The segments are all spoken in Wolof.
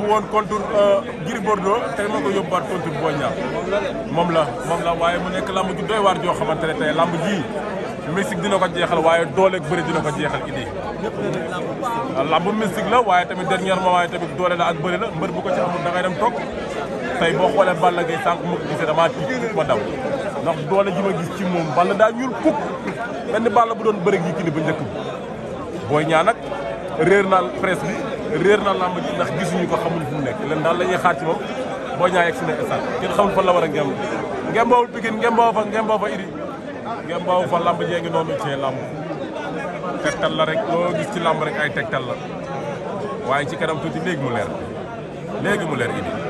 yóbbu woon contre euh, Gris Bordeaux tey moo ko yóbbuwaat contre Boy Niang moom la moom la waaye mu nekk lamb ju doy waat joo xamante ne tey lamb ji mystique dina ko jeexal waaye dooleeg bëri dina ko jeexal idi lamb mystique la waaye tamit dernièrement waaye tamit doole la ak bëri la mbër bu ko ci amul da ngay dem toog tey boo xoolee Balla Gaye sànq mu ko gisee damaa tiit ma daw ndax doole ji ma gis ci moom Balla daa ñuul kuk benn Balla bu doon bëri yi kii nii ba njëkk bi Boy Niang réer na làmb ji ndax gisuñu ko xamuñ fu mu nekk leen daal la ñuy xaar ci moom boo ñaa yegg si na estat xamul fan la war a ngemb ngembawul Pikine ngemboo fa ngemboo fa iri ngemboo fa làmb jee ngi noonu cee làmb tegtal la rek loo gis ci làmb rek ay tegtal la waaye ci kanam tuuti léegi mu leer léegi mu leer idi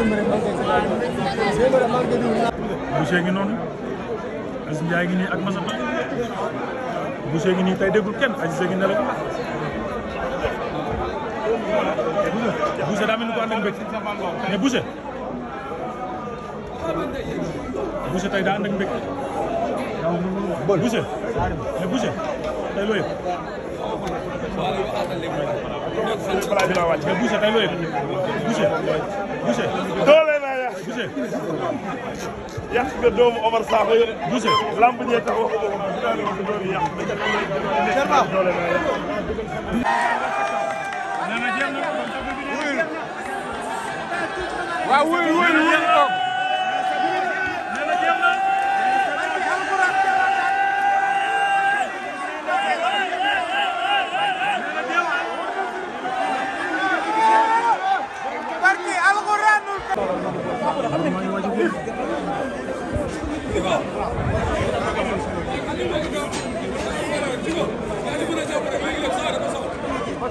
Boucher ngi noonu Aziz Ndiaye ngi nii ak Massata Boucher ngi nii tey déggul kenn Aziz ngi ne rek Boucher daa mel ni ko ànd ak mbégte mais Boucher Boucher tey daa ànd ak mbégte Boucher mais Boucher tey loo yëg mais Boucher tey loo yëg Boucher Boucher doole naa yàq Boucher yàq nga doomu Omar Sakho yore Boucher lamb ñee tax wax doole naa yàq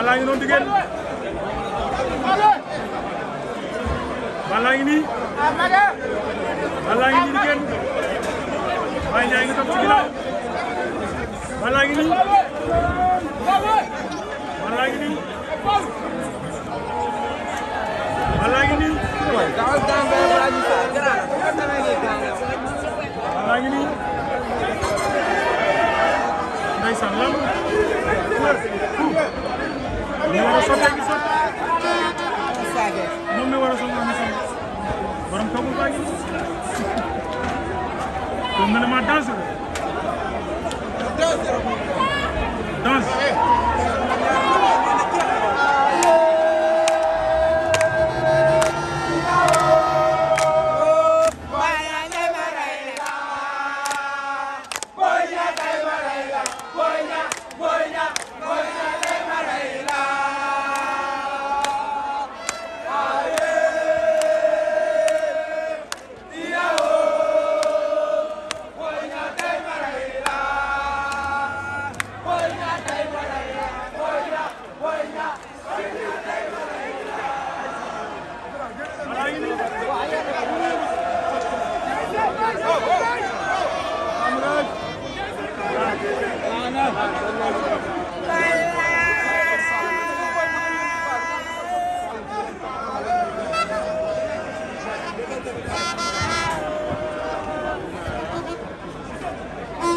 Balla ngi noonu diggéen Balla ngi nii Balla ngi nii diggéen Baye Ndiaye ngi topp ci ginnaaw Balla ngi nii Balla ngi nii Balla ngi nii Balla ngi nii ndeysaan lamb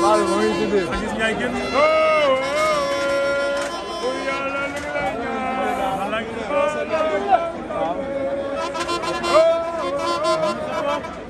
Abi bunu izledi. Sanki gel gel. Bravo.